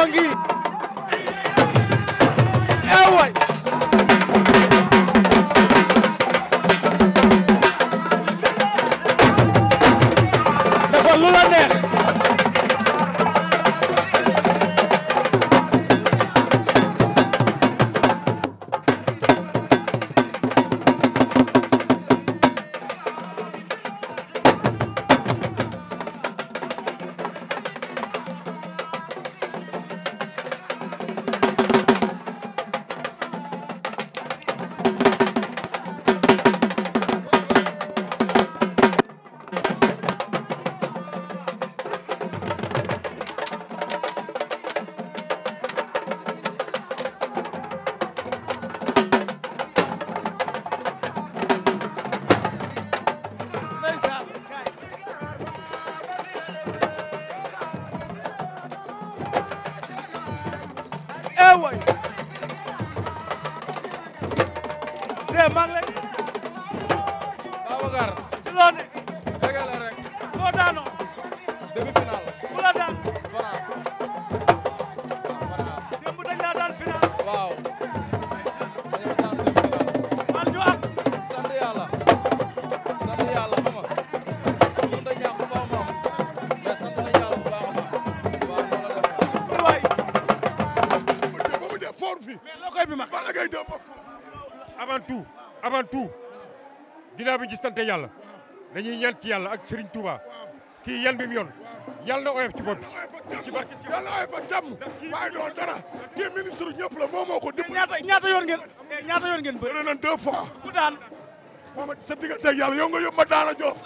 moo ngi eway eh, dafa lu la neex Dé maa ngi lay. Babacar. ci loo ne. dégg la rek. foo daanoo. tout ginnaaw bi ñu ci sant yàlla dañuy ñaan ci yàlla ak Serigne Touba kii yan bi mu yoon yàlla na oyof ci bopp ci barke si yàlla oyof ak jàmm waaye doo dara kii ministre ñëpp la moo moo ko dimbali ñaata ñaata yoon ngeen ñaata yoon ngeen bëri nañ deux fois ku daan daana joof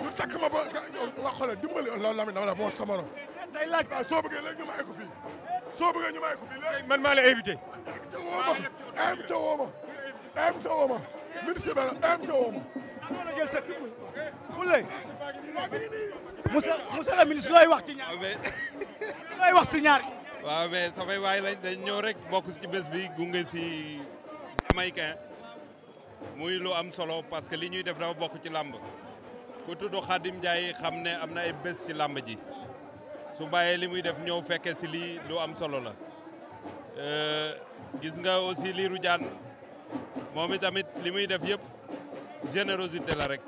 ñu takk ba wax la dimbali oh, loolu la dama la moo samaro day laaj waaw soo bëggee ñu may ko fii soo bëggee ñu may ko fii man maa la invité invité woo ma invité ministre bi invité ministre looy wax ci ñaar looy wax ci ñaar. waaw waay lañ dañ ñëw rek bokk ci bés bi gunge si Jamaïcain muy lu am solo parce que li ñuy def dafa bokk ci làmb ku tudd Khadim Ndiaye xam ne am na ay bés ci làmb ji su bàyyee li muy def ñëw fekke si lii lu am solo la euh, gis nga aussi liiru jaan moom itamit li muy def yëpp générosité la rek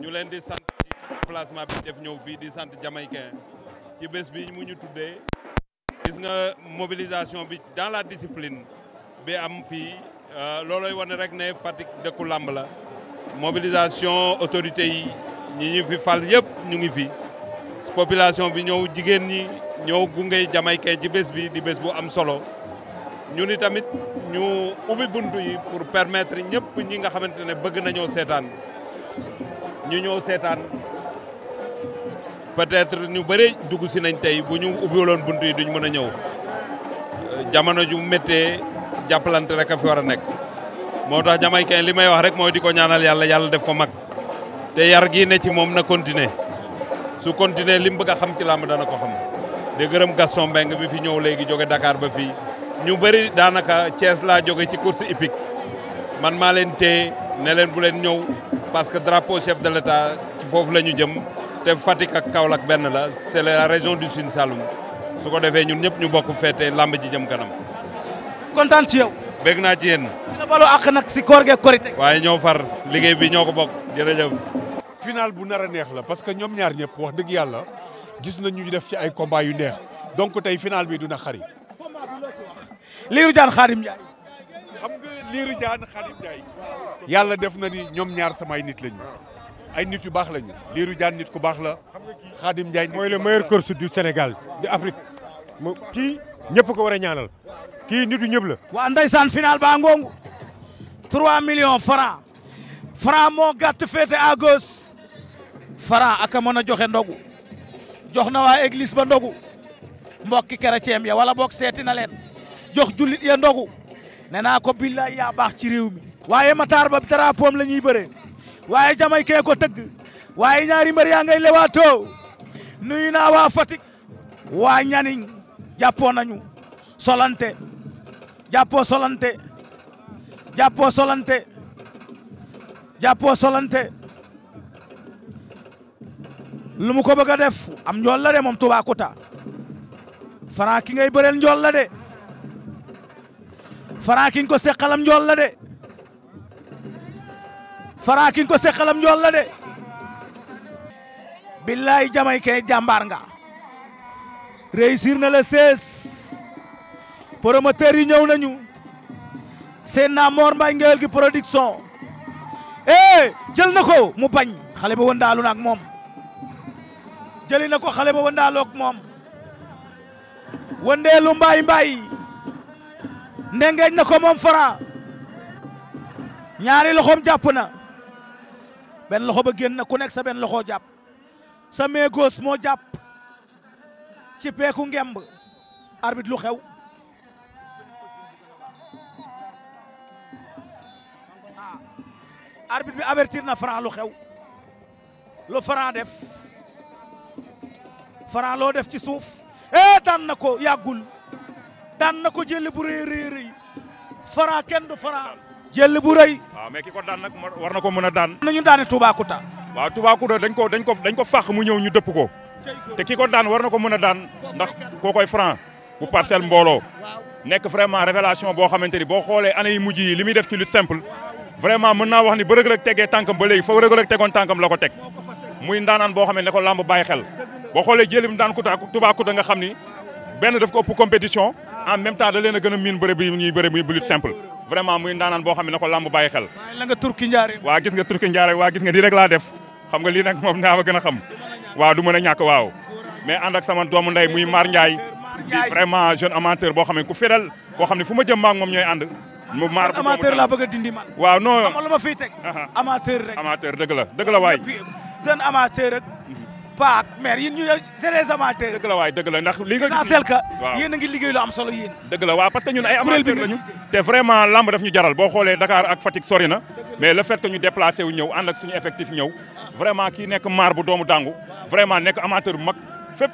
ñu leen di sant ci placement bi def ñëw fii di sant jamaïcain ci bés bi mu ñu tuddee gis nga mobilisation bi dans la discipline bi am fii euh, looloy wane rek ne Fatick dëkku làmb la mobilisation autorité yi ñi ñu fi fal yëpp ñu ngi fi population bi ñëw jigéen ñi ñëw gunge jamaïcain ci bés bi di bés bu am solo ñu ni tamit ñu ubbi buntu yi pour permettre ñëpp ñi nga xamante ne bëgg na nañoo seetaan ñu ñëw seetaan peut-être ñu bëri dugg si nañ tey bu ñu ubbiwuloon buntu yi duñ mën a ñëw jamono ju mettee jàppalante rek a fi war a nekk moo tax jamaïcain li may wax rek mooy di ko ñaanal yàlla yàlla def ko mag te yar gi ne ci moom na continuer su continuer li mu bëgg xam ci làmb dana ko xam de gërëm Gaston Mbengue bi fi ñëw léegi jóge dakaar ba fii ñu bëri daanaka cees laa jóge ci course hippique man maa leen téye ne leen bu leen ñëw parce que drapeau chef de l'État ci foofu la ñu jëm te Fatick ak Kaolack benn la c'est la région du Sine Saloum su ko defee ñun ñëpp ñu bokk fee feete lamb ji jëm kanam. kontaan ci yow. bég naa ci yéen. dina nag si koor geeg waaye ñoo far liggéey bi ñoo ko bokk jërëjëf. final bu nar a neex la parce que ñoom ñaar ñëpp wax dëgg yàlla gis na ñu def ci ay combat yu neex donc tey final bi na xari Lirou Diane Khadim Ndiaye xam nga Lirou Diane Khadim yàlla def na ni ñoom ñaar samay nit lañu ay nit yu baax lañu Lirou Diane nit ku baax la Khadim Ndiaye mooy le meilleur course du Sénégal de Afrique mo ñëpp ko war a ñaanal kii nit ñëpp la waa ndeysaan final ba ngongu 3 millions francs franc moo gàtt féete à gauche franc aka mën a joxe ndogu jox na waa église ba ndogu mbokki chrétien ya wala boog seeti na leen jox julit ya ndogu nee naa ko billaay yaa baax ci réew mi. waaye Matar ba drapeau la ñuy bëree waaye jama kee ko tëgg waaye ñaari mbër yaa ngay lewaatoo nuyu naa waa Fatick waa ñaniñ jàppoo nañu solante jàppoo solante jàppoo solante jàppoo solante lu mu ko bëgg a def am njool la de moom Toubacouta Franc ki ngay bëreel njool de Fara ki nga ko seqalam njool la de Fara ki nga ko seqalam njool la de billaay jamay kay jàmbaar nga réussir na la 16 promoteur yi ñëw nañu seen naa Mor Mbaye Ngéwél gi production eh jël na ko mu bañ xale ba wëndaalu na moom jëli na ko xale ba wëndaaloo ak moom wëndeelu mbaay mbaay ndengeeñ na ko moom Franc ñaari loxoom jàpp na benn loxo ba génn na ku nekk sa benn loxoo jàpp sa main moo jàpp ci peeku ngemb arbit lu xew ah. arbitre bi avertir na Franc lu xew lu Franc def Franc loo def ci suuf ee eh, tànn na ko yàggul daan na ko jël bu rëy rëy rëy Franc kenn du Franc jël bu rëy. waaw mais ki ko daan nag war na ko mën a daan. nañu daane Toubacouta. waaw Toubacouta dañ ko dañ ko dañ ko fàq mu ñëw ñu dëpp ko. te ki ko daan war na ko mën a daan ndax kookoy Franc bu parcelle mbooloo. nekk vraiment révélation boo xamante ni boo xoolee année yi mujj yi li muy def ci lu simple. vraiment mën naa wax ni ba Reug Reug tegee ba léegi fa Reug Reug tegoon tànkam la ko teg muy ndaanaan boo xam ne ko làmb bàyyi xel boo xoolee jëlim daan Toubacouta nga xam ni benn daf ko ëpp compétition en même temps da leen a gën a miin bëre bi ñuy bëre muy bu lutte simple vraiment muy ndaanaan boo xam ne na ko làmb bàyyi xel waa gis nga turki njaare waa gis nga di rek laa def xam nga lii nag moom naa ma gën a xam waaw du a ñàkk waaw mais ànd ak sama doomu ndey muy Mar Ndiaye di vraiment jeune amateur boo xam ne ku fidèle koo xam ne fu ma jëm maak moom ñooy ànd mu maar amateur laa bëgg a dindi man waaw non amateur rek amateur dëgg la dëgg la waay seen amateur pas ak maire ñu c'est des amateurs. dëgg la ndax li nga. essentiel que yéen a ñun ay amateurs lañu. te ñu jaral boo xoolee Dakar ak Fatick sori mais le fait que ñu déplacé wu ñëw ànd ak suñu effectif ñëw vraiment kii nekk maar bu doomu dàngu vraiment nekk amateur bu mag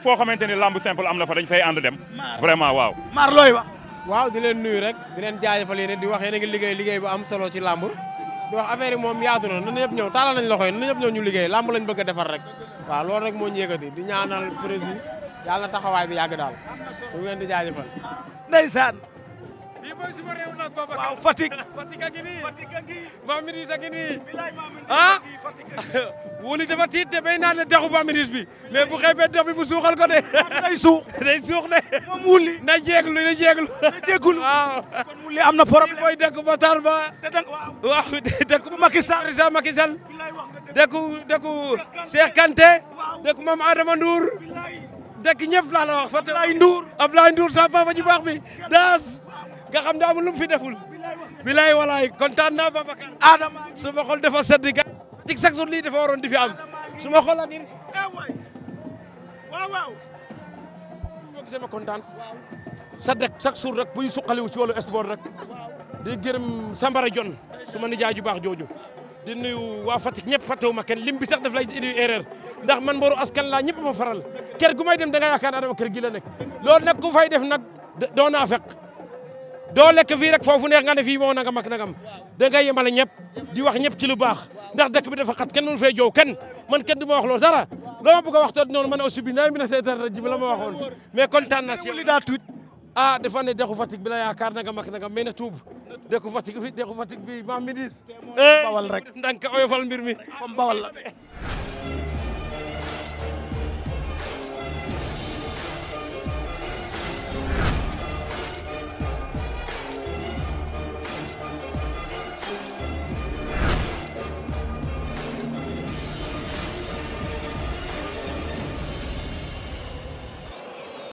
foo xamante lamb simple am na fa dañ fay ànd dem. vraiment waaw. maar looy wax. waaw di leen nuyu rek di leen jaajëfal yéen di wax yéen ngi liggéey liggéey bu am solo ci lamb di wax affaire yi moom yaatu na na ñëpp ñëw loxo yi na ñëpp ñëw ñu liggéey làmb lañ bëgg a defar rek waaw loolu rek moo ñu yëkkati di ñaanal président yàlla taxawaay bi yàgg daal ñu ngi leen di jaajëfal ndeysaan lii mooy a ngi nii Fatick a ngi Mame Idriss a ah! te bay naan ne dexu Mame Idriss bi mais bu xeebee dex bi bu suuxal ko de day suux day suux de moom na jéeglu na na jéeglu waaw kon wuli am na problème mooy dëkk ba tar ba te dëkk waaw dëkk bu Macky Sall président Macky Sall dëkku dëkku Cheikh Kanté dëkk Mame Adama Ndour dëkk ñëpp laa la wax Fatou Abdoulaye Ndour Abdoulaye Ndour sa papa ji baax bi daas nga xam ne amul lu mu fi deful. bilaay walaay kontaan naa Babacar. Adama su ma xool dafa sedd ga. lii dafa waroon di fi am su ma xool ak yéen. kontaan. Sadek chaque jour rek buy suqaliwu si wàllu sport rek. di gërëm Sambara Jon su ma nijaay ju baax jooju. di nuyu waa Fatick ñëpp fàttewuma kenn lim bi sax daf lay indi erreur ndax man mboru askan laa ñëpp ma faral ker gu may dem da nga yaakaar Adama kër gi la nekk loolu nag ku fay def nag doonaa fekk doo lekk fii rek foofu neex nga ne fii moo nangam ak nangam da ngay yemale ñëpp di wax ñëpp ci lu baax ndax dëkk bi dafa xat kenn mënu fee jow kenn man kenn du ma wax loolu dara loo ma bëgg a wax toog noonu man aussi bi naa mi na seetaan rajo ma waxoon mais kontaan naa si li a tuut ah dafa ne dëkku Fatick bi la nangam ak na tuub dëkku Fatick bi dëkku Fatick bi ma ministre eh, bawal rek ndànk oyofal mbir mi comme bawal la